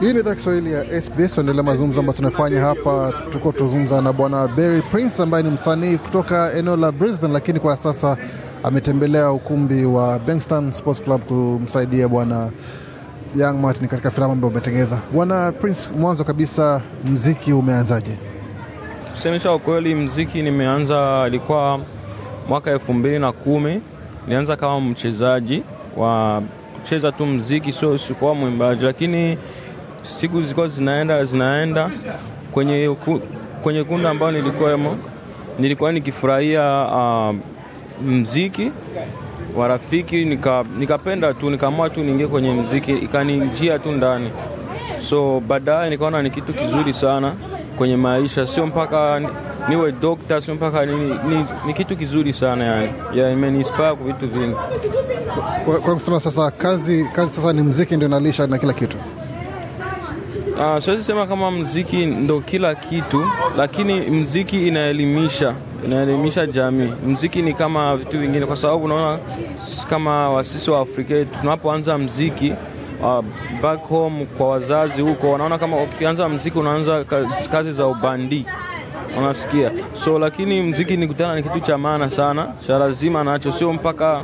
Hii ni idhaa Kiswahili ya SBS. Tuendelea mazungumzo ambayo tunafanya hapa, tuko tuzungumza na bwana Barry Prince ambaye ni msanii kutoka eneo la Brisbane, lakini kwa sasa ametembelea ukumbi wa Bankstown Sports Club kumsaidia bwana Young Martin katika filamu ambayo umetengeza. Bwana Prince, mwanzo kabisa, mziki umeanzaje? Kusemesha ukweli, mziki nimeanza ilikuwa mwaka elfu mbili na kumi. Nianza kama mchezaji wa kucheza tu mziki, sio sikuwa mwimbaji, lakini siku zilikuwa zinaenda zinaenda kwenye, kwenye kundi ambayo nilikuwemo nilikuwa nikifurahia uh, mziki wa rafiki nika, nikapenda tu nikaamua tu niingie kwenye mziki ikanijia tu ndani so baadaye nikaona ni kitu kizuri sana kwenye maisha, sio mpaka niwe dokta, sio mpaka ni, ni, ni kitu kizuri sana yani, yeah, imenispire kwa vitu vingi. Kwa, kwa kusema sasa kazi, kazi sasa ni mziki ndio nalisha na kila kitu. Uh, siwezi sema kama mziki ndo kila kitu, lakini mziki inaelimisha, inaelimisha jamii. Mziki ni kama vitu vingine, kwa sababu unaona kama wasisi wa Afrika tunapoanza mziki uh, ah, back home kwa wazazi huko, wanaona kama ukianza mziki unaanza kazi za ubandi unasikia so, lakini mziki ni kutana, ni kitu cha maana sana cha lazima nacho, sio mpaka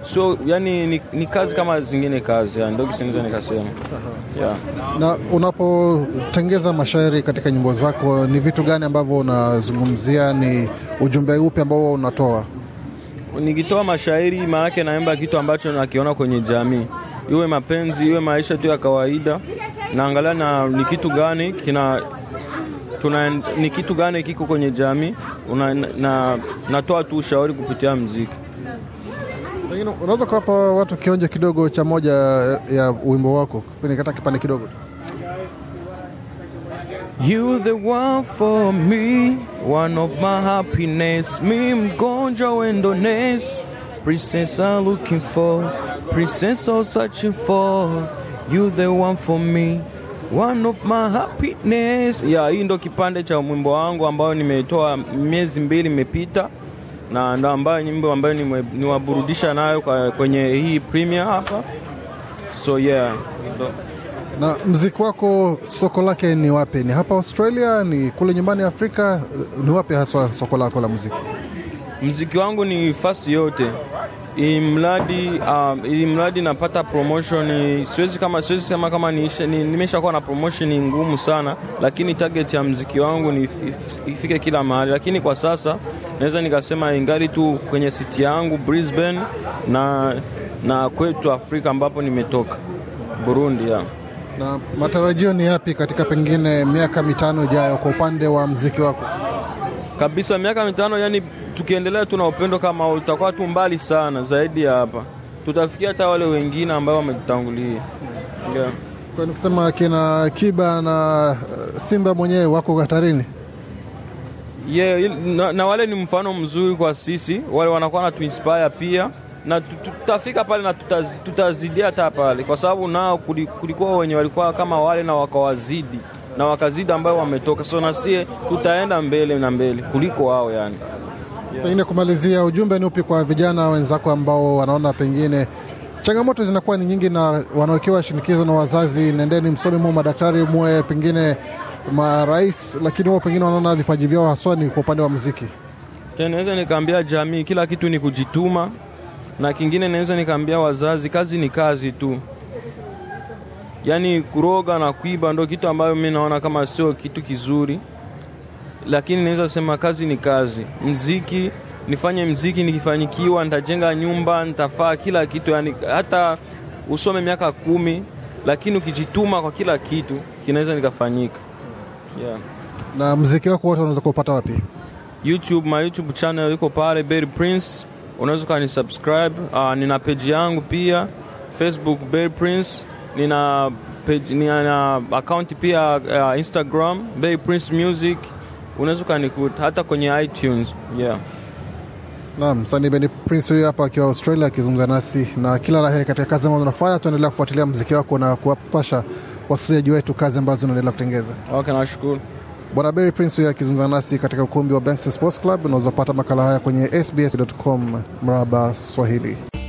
sio, yani ni, ni kazi kama zingine kazi, ndio kisinza nikasema yeah. Na unapotengeza mashairi katika nyimbo zako, ni vitu gani ambavyo unazungumzia? Ni ujumbe upi ambao unatoa? Nikitoa mashairi, maanake naemba kitu ambacho nakiona kwenye jamii, iwe mapenzi, iwe maisha tu ya kawaida. Naangalia na ni kitu gani kina tuna, ni kitu gani kiko kwenye jamii, natoa na tu ushauri kupitia mziki. Pengine unaweza kuwapa watu kionjo kidogo cha moja ya wimbo wako, pengine hata kipande kidogo tu. You the one for me, one of my happiness. Mi mgonjwa wendones, princess I'm looking for, princess I'm searching for. You the one for me, one of my happiness. Ya, hii ndo kipande cha mwimbo wangu ambayo nimeitoa miezi mbili imepita na ndo ambayo nyimbo ambayo niwaburudisha nayo kwenye hii premier hapa, so yeah. Na mziki wako soko lake ni wapi? Ni hapa Australia? Ni kule nyumbani Afrika? Ni wapi haswa soko lako la muziki? Mziki wangu ni fasi yote ili mradi um, ili mradi napata promotion, siwezi kama siwezi sema kama niishe, ni, nimeshakuwa na promotion ngumu sana, lakini target ya mziki wangu ni ifike kila mahali, lakini kwa sasa naweza nikasema ingali tu kwenye siti yangu Brisbane na, na kwetu Afrika ambapo nimetoka Burundi ya. Na matarajio ni yapi katika pengine miaka mitano ijayo kwa upande wa mziki wako? kabisa. Miaka mitano, yani tukiendelea tu na upendo kama huu, tutakuwa tu mbali sana zaidi ya hapa, tutafikia hata wale wengine ambao wametutangulia. Yeah. Kwani kusema kina Kiba na uh, Simba mwenyewe wako hatarini. Yeah, na, na wale ni mfano mzuri kwa sisi, wale wanakuwa na tuinspire pia na tutafika pale na tutazidia hata pale, kwa sababu nao kulikuwa wenye walikuwa kama wale na wakawazidi na wakazidi ambayo wametoka. So nasie tutaenda mbele na mbele kuliko wao yani. Pengine kumalizia, ujumbe ni upi kwa vijana wenzako ambao wanaona pengine changamoto zinakuwa ni nyingi na wanawekewa shinikizo na wazazi, nendeni msomi mu madaktari, muwe pengine marais, lakini wao pengine wanaona vipaji vyao haswa ni kwa upande wa mziki? Naweza nikaambia jamii, kila kitu ni kujituma, na kingine naweza nikaambia wazazi, kazi ni kazi tu. Yaani kuroga na kuiba ndo kitu ambayo mi naona kama sio kitu kizuri, lakini naweza sema kazi ni kazi. Mziki nifanye mziki, nikifanyikiwa nitajenga nyumba, nitafaa kila kitu, yani hata usome miaka kumi, lakini ukijituma kwa kila kitu kinaweza nikafanyika. Yeah. Na mziki wako wote unaweza kupata wapi? YouTube, my YouTube channel iko pale Berry Prince, unaweza ukanisubscribe. Uh, ah, nina page yangu pia Facebook Berry Prince nina page, nina account pia uh, Instagram Bay Prince Music, unaweza ukanikuta hata kwenye iTunes yeah. Naam, msanii Beni Prince huyu hapa akiwa Australia akizungumza nasi, na kila la heri katika kazi ambazo unafanya. Tuendelea kufuatilia mziki wako na kuwapasha wasikilizaji wetu kazi ambazo unaendelea kutengeza. Okay, nashukuru bwana Beni Prince huyu akizungumza nasi katika ukumbi wa Banks Sports Club. Unaweza kupata makala haya kwenye sbs.com mraba Swahili.